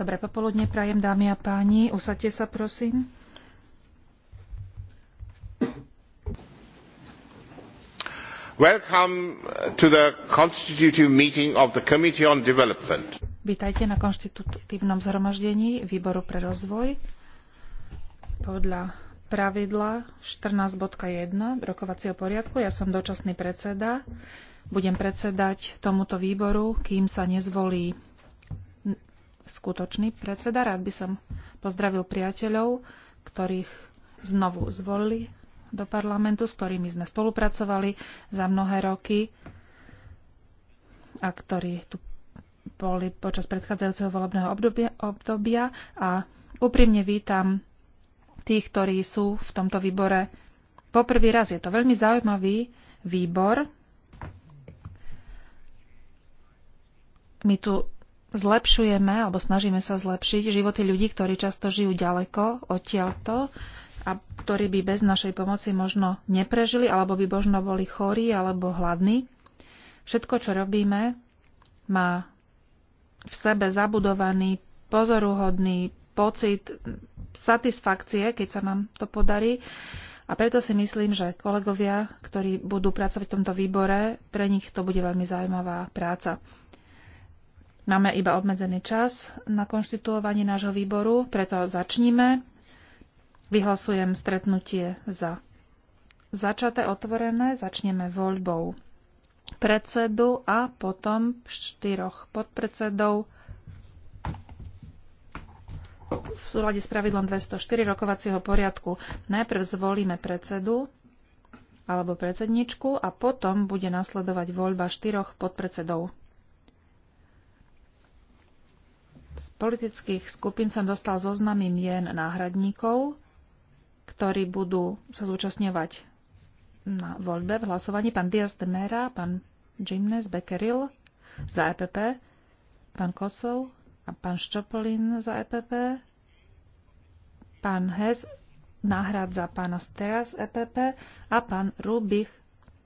Dobré popoludne prajem, dámy a páni. Usadte sa, prosím. Welcome to the constitutive meeting of the Committee on Development. Vítajte na konštitutívnom zhromaždení Výboru pre rozvoj. Podľa pravidla 14.1 rokovacieho poriadku ja som dočasný predseda budem predsedať tomuto výboru, kým sa nezvolí skutočný predseda. Rád by som pozdravil priateľov, ktorých znovu zvolili do parlamentu, s ktorými sme spolupracovali za mnohé roky a ktorí tu boli počas predchádzajúceho volebného obdobia, obdobia a úprimne vítam tých, ktorí sú v tomto výbore poprvý raz. Je to veľmi zaujímavý výbor, my tu zlepšujeme, alebo snažíme sa zlepšiť životy ľudí, ktorí často žijú ďaleko odtiaľto a ktorí by bez našej pomoci možno neprežili, alebo by možno boli chorí alebo hladní. Všetko, čo robíme, má v sebe zabudovaný, pozoruhodný pocit satisfakcie, keď sa nám to podarí. A preto si myslím, že kolegovia, ktorí budú pracovať v tomto výbore, pre nich to bude veľmi zaujímavá práca. Máme iba obmedzený čas na konštituovanie nášho výboru, preto začníme. Vyhlasujem stretnutie za začaté otvorené, začneme voľbou predsedu a potom štyroch podpredsedov v súlade s pravidlom 204 rokovacieho poriadku. Najprv zvolíme predsedu alebo predsedničku a potom bude nasledovať voľba štyroch podpredsedov. Z politických skupín som dostal zoznamy mien náhradníkov, ktorí budú sa zúčastňovať na voľbe v hlasovaní. Pán Diaz de Mera, pán Jimnes Beckeril za EPP, pán Kosov a pán Ščopolin za EPP, pán Hes nahrádza pána Steras EPP a pán Rubich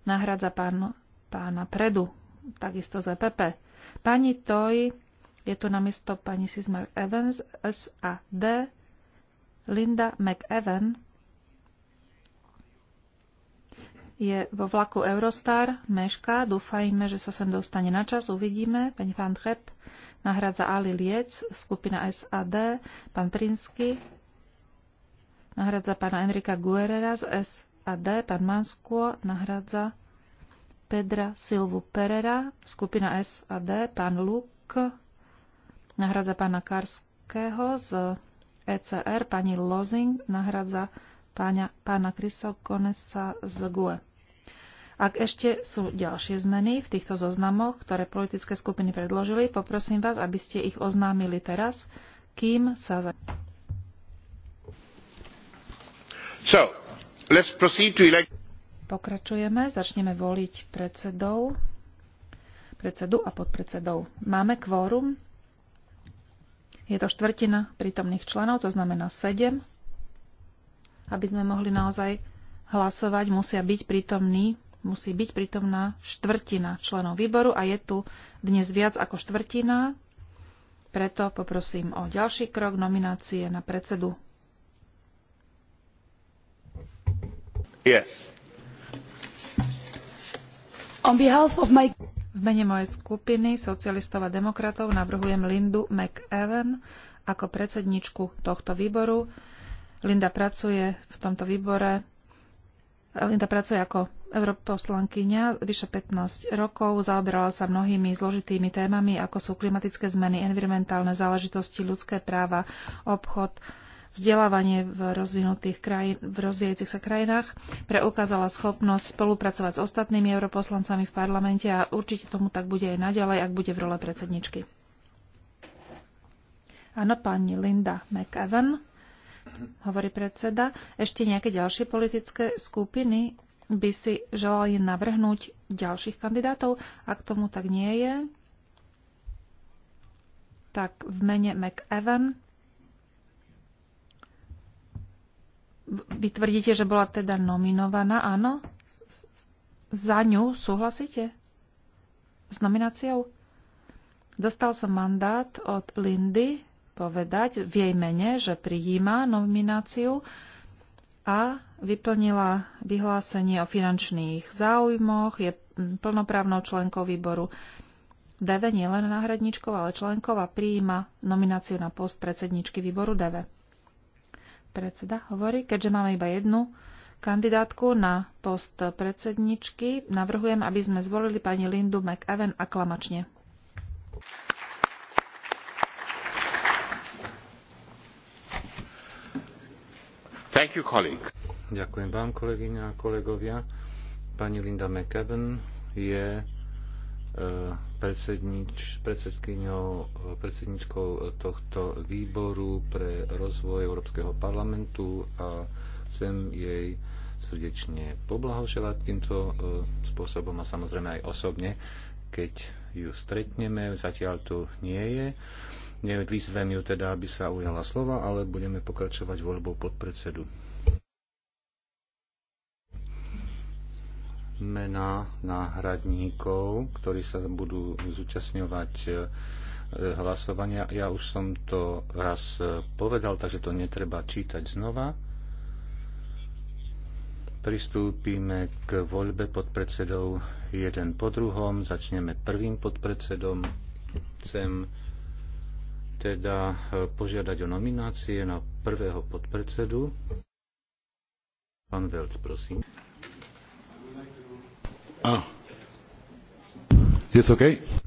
nahradza pán, pána Predu, takisto z EPP. Pani Toj je tu na miesto pani Sismar Evans, SAD, Linda McEwen, je vo vlaku Eurostar, meška, dúfajme, že sa sem dostane na čas, uvidíme. Pani Van Hepp nahradza Ali Liec, skupina SAD, pán Prinsky nahradza pána Enrika Guerrera z SAD, pán Mansko, nahradza Pedra Silvu Perera, skupina SAD, pán Luk nahradza pána Karského z ECR, pani Lozing nahradza pána, pána Krysokonesa z GUE. Ak ešte sú ďalšie zmeny v týchto zoznamoch, ktoré politické skupiny predložili, poprosím vás, aby ste ich oznámili teraz, kým sa... Za... So, let's proceed to elect... Pokračujeme, začneme voliť predsedov, predsedu a podpredsedov. Máme kvórum? Je to štvrtina prítomných členov, to znamená 7. Aby sme mohli naozaj hlasovať, musia byť prítomní, musí byť prítomná štvrtina členov výboru a je tu dnes viac ako štvrtina, preto poprosím o ďalší krok nominácie na predsedu. Yes. On behalf of my v mene mojej skupiny socialistov a demokratov navrhujem Lindu McEwen ako predsedničku tohto výboru. Linda pracuje v tomto výbore. Linda pracuje ako europoslankyňa vyše 15 rokov, zaoberala sa mnohými zložitými témami, ako sú klimatické zmeny, environmentálne záležitosti, ľudské práva, obchod, vzdelávanie v rozvinutých krajín, v rozvíjajúcich sa krajinách, preukázala schopnosť spolupracovať s ostatnými europoslancami v parlamente a určite tomu tak bude aj naďalej, ak bude v role predsedničky. Áno, pani Linda McEwan, hovorí predseda. Ešte nejaké ďalšie politické skupiny by si želali navrhnúť ďalších kandidátov? Ak tomu tak nie je, tak v mene McEwan Vy tvrdíte, že bola teda nominovaná, áno? Za ňu súhlasíte? S nomináciou? Dostal som mandát od Lindy povedať v jej mene, že prijíma nomináciu a vyplnila vyhlásenie o finančných záujmoch, je plnoprávnou členkou výboru DV, nie len náhradničkou, ale členkou a prijíma nomináciu na post predsedničky výboru DV. Predseda hovorí, keďže máme iba jednu kandidátku na post predsedničky, navrhujem, aby sme zvolili pani Lindu McEwen aklamačne. Thank you, colleague. Ďakujem vám, kolegyňa a kolegovia. Pani Linda McEwen je eh, predsedničkou tohto výboru pre rozvoj Európskeho parlamentu a chcem jej srdečne poblahoželať týmto e, spôsobom a samozrejme aj osobne, keď ju stretneme. Zatiaľ tu nie je. Nevyzvem ju teda, aby sa ujala slova, ale budeme pokračovať voľbou podpredsedu. mená náhradníkov, ktorí sa budú zúčastňovať e, hlasovania. Ja už som to raz e, povedal, takže to netreba čítať znova. Pristúpime k voľbe podpredsedov jeden po druhom. Začneme prvým podpredsedom. Chcem teda e, požiadať o nominácie na prvého podpredsedu. Pán Velc, prosím. Je It's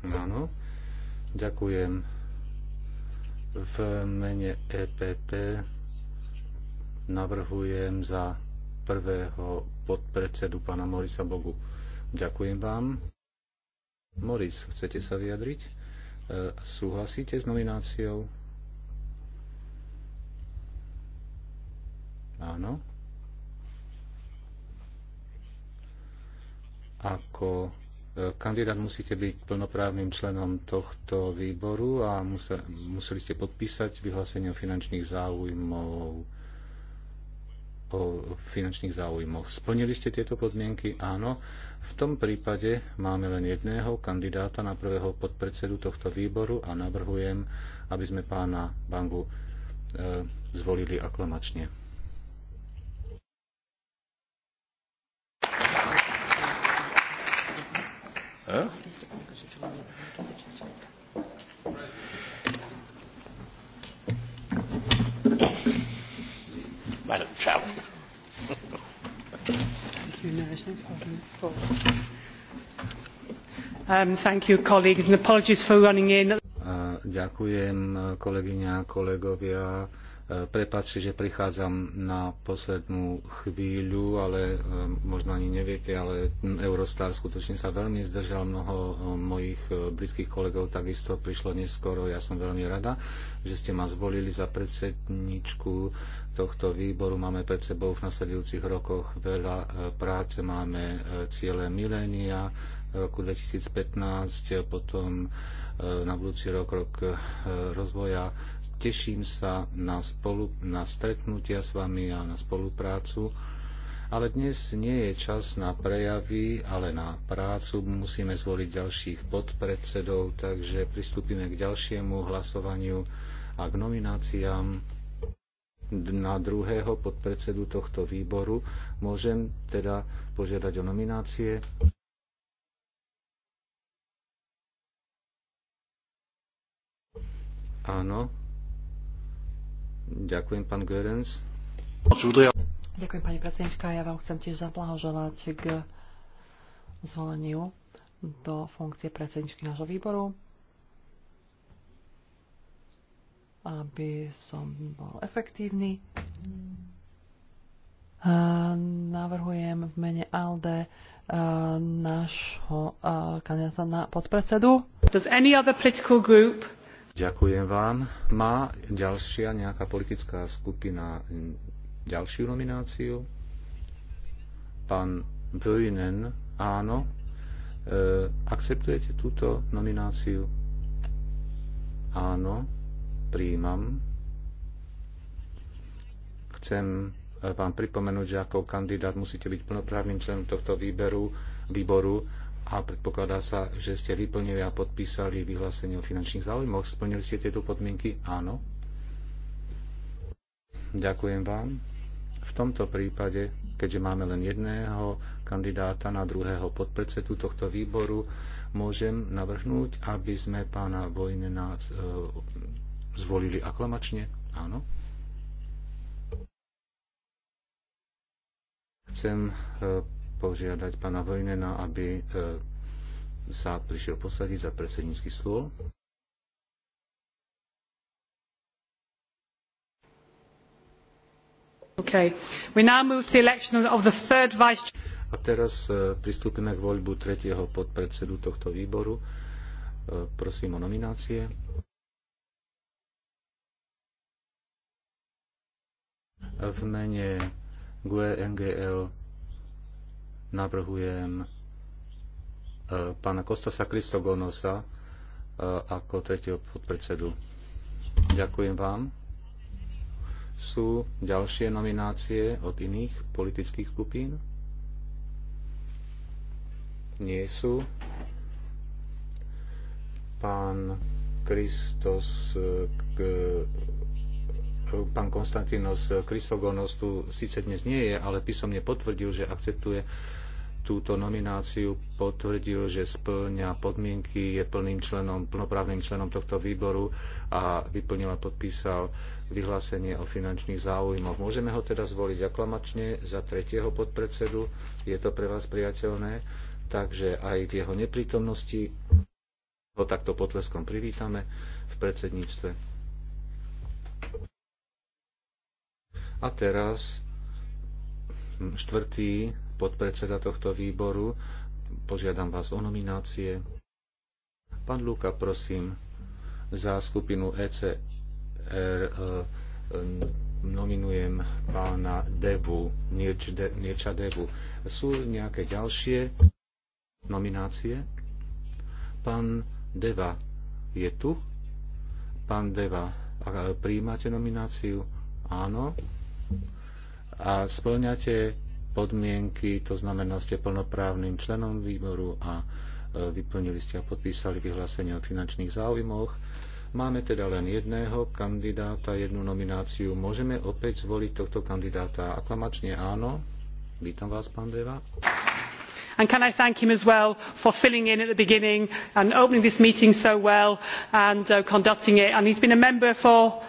Áno. Ďakujem. V mene EPP navrhujem za prvého podpredsedu pána Morisa Bogu. Ďakujem vám. Moris, chcete sa vyjadriť? E, súhlasíte s nomináciou? Áno. Ako e, kandidát musíte byť plnoprávnym členom tohto výboru a museli ste podpísať vyhlásenie o finančných záujmov o finančných záujmoch. Splnili ste tieto podmienky? Áno. V tom prípade máme len jedného kandidáta na prvého podpredsedu tohto výboru a navrhujem, aby sme pána Bangu e, zvolili aklamačne. Huh? Madam Chair. Thank you, Um, thank you, colleagues, and apologies for running in. Uh, ďakujem, kolegyňa, kolegovia Prepačte, že prichádzam na poslednú chvíľu, ale ehm, možno ani neviete, ale Eurostar skutočne sa veľmi zdržal. Mnoho ehm, mojich ehm, britských kolegov takisto prišlo neskoro. Ja som veľmi rada, že ste ma zvolili za predsedničku tohto výboru. Máme pred sebou v nasledujúcich rokoch veľa práce. Máme ciele milénia roku 2015, potom na budúci rok rok rozvoja teším sa na, spolu, na stretnutia s vami a na spoluprácu. Ale dnes nie je čas na prejavy, ale na prácu. Musíme zvoliť ďalších podpredsedov, takže pristúpime k ďalšiemu hlasovaniu a k nomináciám na druhého podpredsedu tohto výboru. Môžem teda požiadať o nominácie. Áno, Ďakujem, pán Görens. Ďakujem, pani predsednička. Ja vám chcem tiež zablahoželať k zvoleniu do funkcie predsedničky nášho výboru. Aby som bol efektívny, navrhujem v mene ALDE nášho kandidáta na podpredsedu. Does any other political group Ďakujem vám. Má ďalšia nejaká politická skupina ďalšiu nomináciu? Pán Böjnen, áno. E, akceptujete túto nomináciu? Áno, príjmam. Chcem e, vám pripomenúť, že ako kandidát musíte byť plnoprávnym členom tohto výberu, výboru a predpokladá sa, že ste vyplnili a podpísali vyhlásenie o finančných záujmoch. Splnili ste tieto podmienky? Áno. Ďakujem vám. V tomto prípade, keďže máme len jedného kandidáta na druhého podpredsedu tohto výboru, môžem navrhnúť, aby sme pána Vojnena e, zvolili aklamačne? Áno. Chcem e, požiadať pána Vojnena, aby e, sa prišiel posadiť za predsednícky stôl. Okay. We now move to the election of the third vice a teraz e, pristúpime k voľbu tretieho podpredsedu tohto výboru. E, prosím o nominácie. V mene GUE NGL navrhujem e, pána Kostasa Kristogonosa e, ako tretieho podpredsedu. Ďakujem vám. Sú ďalšie nominácie od iných politických skupín? Nie sú. Pán Kristos e, pán Konstantinos Krysogonos tu síce dnes nie je, ale písomne potvrdil, že akceptuje túto nomináciu, potvrdil, že splňa podmienky, je plným členom, plnoprávnym členom tohto výboru a vyplnil a podpísal vyhlásenie o finančných záujmoch. Môžeme ho teda zvoliť aklamačne za tretieho podpredsedu, je to pre vás priateľné, takže aj v jeho neprítomnosti ho takto potleskom privítame v predsedníctve. A teraz štvrtý podpredseda tohto výboru, požiadam vás o nominácie. Pán Luka, prosím, za skupinu ECR e, nominujem pána Devu, nieč, De, Nieča Devu. Sú nejaké ďalšie nominácie? Pán Deva je tu? Pán Deva, e, príjmate nomináciu? Áno a splňate podmienky, to znamená, ste plnoprávnym členom výboru a e, vyplnili ste a podpísali vyhlásenie o finančných záujmoch. Máme teda len jedného kandidáta, jednu nomináciu. Môžeme opäť zvoliť tohto kandidáta aklamačne áno. Vítam vás, pán Deva and can i thank him as well for filling in at the beginning and opening this meeting so well and uh, conducting it. And he's been a member for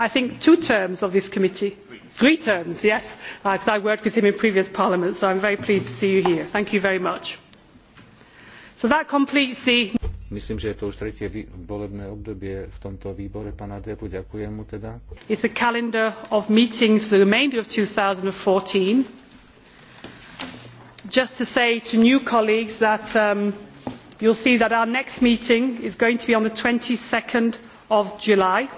i think two terms of this committee three terms yes because uh, i worked with him in previous parliaments so i am very pleased to see you here. thank you very much. so that completes the Myslím, že je to už tretie volebné obdobie v tomto výbore pána Depu. Ďakujem mu teda. It's a calendar of meetings for the remainder of 2014. Just to say to new colleagues that um, you'll see that our next meeting is going to be on the 22nd of July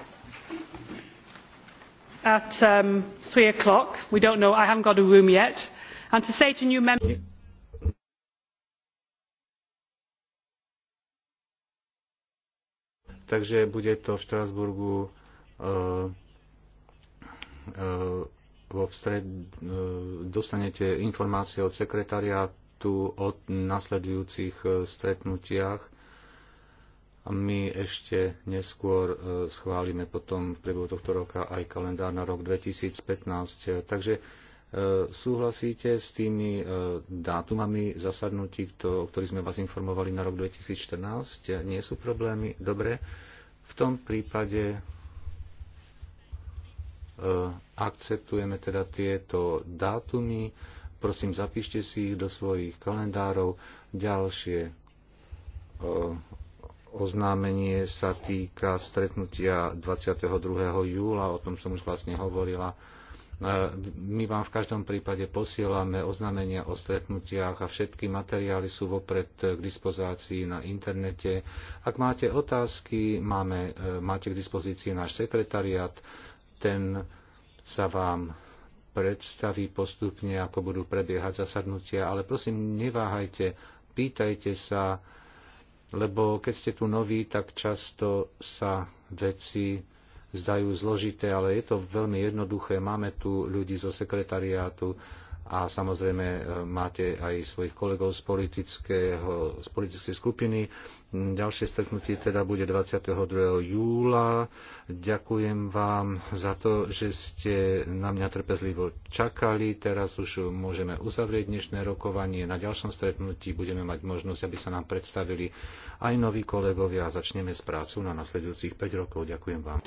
at um, three o'clock. We don't know. I haven't got a room yet. And to say to new members... Takže bude to v Štrasburgu uh, e, uh, e, stred, uh, e, dostanete informácie od sekretariátu o nasledujúcich uh, stretnutiach a my ešte neskôr e, schválime potom v priebehu tohto roka aj kalendár na rok 2015. Takže e, súhlasíte s tými e, dátumami zasadnutí, o ktorých sme vás informovali na rok 2014? Nie sú problémy? Dobre. V tom prípade akceptujeme teda tieto dátumy. Prosím, zapíšte si ich do svojich kalendárov. Ďalšie oznámenie sa týka stretnutia 22. júla, o tom som už vlastne hovorila. E, my vám v každom prípade posielame oznámenia o stretnutiach a všetky materiály sú vopred k dispozácii na internete. Ak máte otázky, máme, e, máte k dispozícii náš sekretariat, ten sa vám predstaví postupne, ako budú prebiehať zasadnutia, ale prosím, neváhajte, pýtajte sa, lebo keď ste tu noví, tak často sa veci zdajú zložité, ale je to veľmi jednoduché. Máme tu ľudí zo sekretariátu, a samozrejme e, máte aj svojich kolegov z, politického, z politickej skupiny. Mm, Ďalšie stretnutie teda bude 22. júla. Ďakujem vám za to, že ste na mňa trpezlivo čakali. Teraz už môžeme uzavrieť dnešné rokovanie. Na ďalšom stretnutí budeme mať možnosť, aby sa nám predstavili aj noví kolegovia a začneme s prácu na nasledujúcich 5 rokov. Ďakujem vám.